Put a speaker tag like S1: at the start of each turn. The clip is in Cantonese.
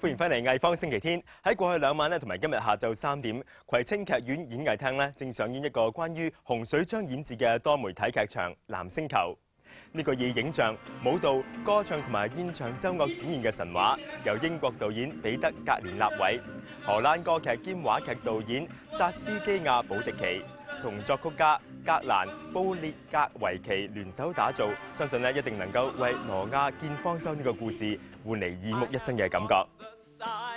S1: 歡迎返嚟藝方星期天。喺過去兩晚咧，同埋今日下晝三點，葵青劇院演藝廳呢正上演一個關於洪水將演繹嘅多媒體劇場《藍星球》。呢、這個以影像、舞蹈、歌唱同埋現場音樂展現嘅神話，由英國導演彼得格連納威、荷蘭歌劇兼話劇導演薩斯基亞保迪奇同作曲家格蘭布列格維奇聯手打造。相信呢一定能夠為挪亞建方舟呢個故事換嚟耳目一新嘅感覺。